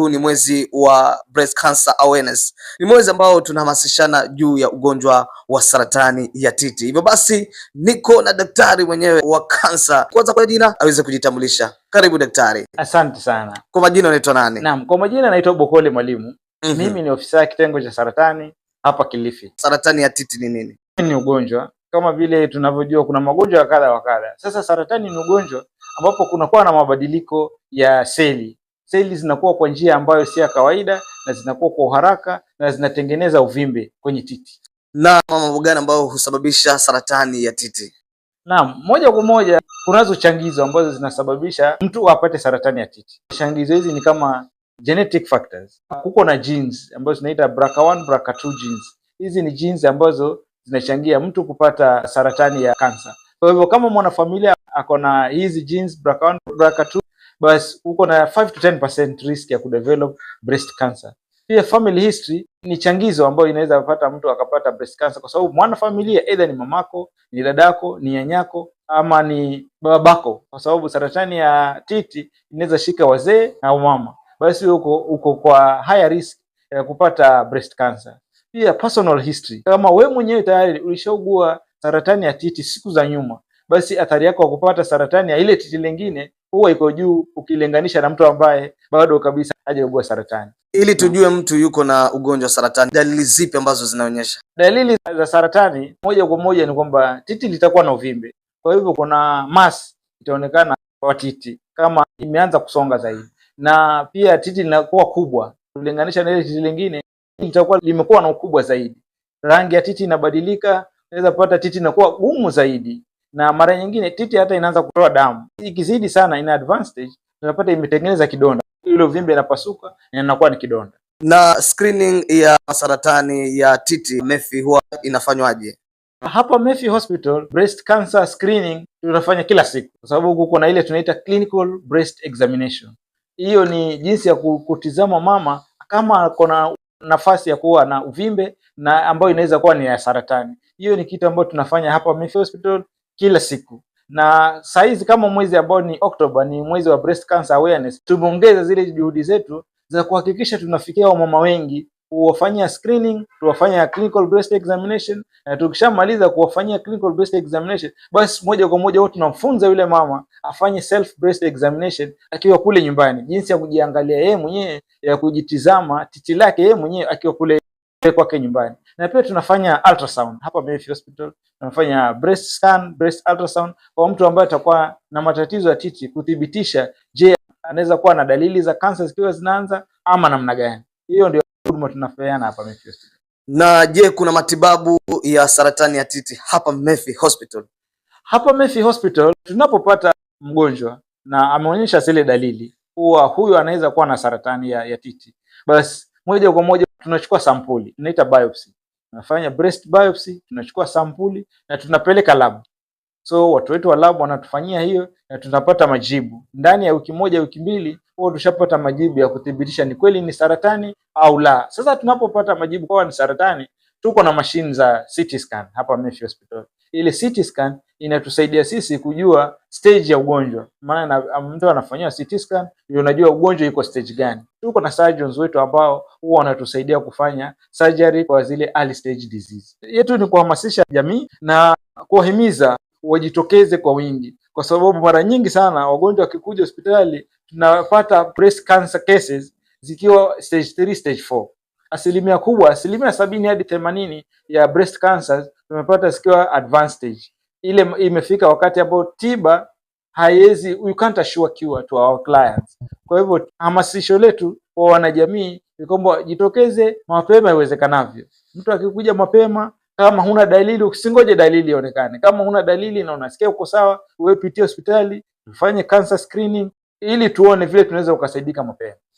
huu ni mwezi wa breast cancer awareness. Ni mwezi ambao tunahamasishana juu ya ugonjwa wa saratani ya titi. Hivyo basi niko na daktari mwenyewe wa kansa, kwanza kwa jina aweze kujitambulisha. Karibu daktari. Asante sana. Kwa majina unaitwa nani? Naam, kwa majina naitwa Bokole Mwalimu. mm -hmm. Mimi ni ofisa kitengo cha saratani hapa Kilifi. Saratani ya titi ni nini? Ni ugonjwa kama vile tunavyojua kuna magonjwa ya kadha wa kadha. Sasa saratani ni ugonjwa ambapo kunakuwa na mabadiliko ya seli seli zinakuwa kwa njia ambayo si ya kawaida na zinakuwa kwa haraka na zinatengeneza uvimbe kwenye titi. Na mambo gani ambayo husababisha saratani ya titi? Naam, moja kwa moja kunazo changizo ambazo zinasababisha mtu apate saratani ya titi. Changizo hizi ni kama genetic factors. Kuko na genes ambazo zinaita BRCA1, BRCA2 genes. Hizi ni genes ambazo zinachangia mtu kupata saratani ya kansa. Kwa hivyo kama mwanafamilia ako na hizi genes BRCA1, BRCA2 bas uko na 5 to 10% risk ya kudevelop breast cancer. Pia family history ni changizo ambayo inaweza kupata mtu akapata breast cancer, kwa sababu mwana familia either ni mamako, ni dadako, ni yanyako ama ni babako, kwa sababu saratani ya titi inaweza shika wazee na mama, basi uko uko kwa higher risk ya kupata breast cancer. Pia personal history, kama we mwenyewe tayari ulishaugua saratani ya titi siku za nyuma, basi athari yako ya kupata saratani ya ile titi lingine huwa iko juu ukilinganisha na mtu ambaye bado kabisa hajaugua saratani. Ili tujue mtu yuko na ugonjwa wa saratani, dalili zipi ambazo zinaonyesha dalili za saratani? Moja kwa moja ni kwamba titi litakuwa na uvimbe, kwa hivyo kuna mass itaonekana kwa titi kama imeanza kusonga zaidi, na pia titi linakuwa kubwa kulinganisha na ile titi lingine, litakuwa limekuwa na ukubwa zaidi. Rangi ya titi inabadilika, unaweza pata titi inakuwa gumu zaidi na mara nyingine titi hata inaanza kutoa damu. Ikizidi sana, ina advanced stage, tunapata imetengeneza kidonda, ile uvimbe inapasuka na inakuwa ni kidonda. Na screening ya saratani ya titi Mefi huwa inafanywaje? Hapa Mefi Hospital breast cancer screening tunafanya kila siku, kwa sababu huku na ile tunaita clinical breast examination. Hiyo ni jinsi ya kutizama mama kama kuna nafasi ya kuwa na uvimbe na ambayo inaweza kuwa ni ya saratani. Hiyo ni kitu ambayo tunafanya hapa Mefi Hospital kila siku na saizi kama mwezi ambao ni Oktoba ni mwezi wa breast cancer awareness, tumeongeza zile juhudi zetu za kuhakikisha tunafikia wamama wengi, kuwafanyia screening, tuwafanya clinical breast examination, na tukishamaliza kuwafanyia clinical breast examination, basi moja kwa moja wote tunamfunza yule mama afanye self breast examination akiwa kule nyumbani, jinsi ya kujiangalia yeye mwenyewe, ya kujitizama titi lake yeye mwenyewe akiwa kule kwake nyumbani, na pia tunafanya ultrasound hapa Mayfield Hospital, tunafanya breast scan, breast ultrasound kwa mtu ambaye atakuwa na matatizo ya titi, kuthibitisha je, anaweza kuwa na dalili za kansa zikiwa zinaanza ama namna gani. Hiyo ndio huduma tunafanya hapa Mayfield Hospital. Na je, kuna matibabu ya saratani ya titi hapa Mayfield Hospital? Hapa Mayfield Hospital tunapopata mgonjwa na ameonyesha zile dalili, kuwa huyu anaweza kuwa na saratani ya, ya titi, basi moja kwa moja tunachukua sampuli, tunaita biopsy. Tunafanya breast biopsy, tunachukua sampuli na tunapeleka lab. So watu wetu wa lab wanatufanyia hiyo na tunapata majibu ndani ya wiki moja, wiki mbili, huwa tushapata majibu ya kuthibitisha ni kweli ni saratani au la. Sasa tunapopata majibu kwa ni saratani, tuko na mashine za CT scan hapa Mayfield Hospital. Ile CT scan inatusaidia sisi kujua stage ya ugonjwa, maana ah, mtu anafanyiwa CT scan ndio unajua ugonjwa iko stage gani. Tuko na surgeons wetu ambao huwa wanatusaidia kufanya surgery kwa zile early stage disease. Yetu ni kuhamasisha jamii na kuwahimiza wajitokeze kwa wingi, kwa sababu mara nyingi sana wagonjwa wakikuja hospitali tunapata breast cancer cases zikiwa stage 3, stage 4. Asilimia kubwa, asilimia sabini hadi themanini ya breast cancers tumepata skill advantage ile, imefika wakati ambao tiba haiwezi, you can't assure cure to our clients. Kwa hivyo hamasisho letu kwa wanajamii ni kwamba jitokeze mapema iwezekanavyo. Mtu akikuja mapema, kama huna dalili, usingoje dalili ionekane. Kama huna dalili na unasikia uko sawa, wewe pitia hospitali, ufanye cancer screening ili tuone vile tunaweza ukasaidika mapema.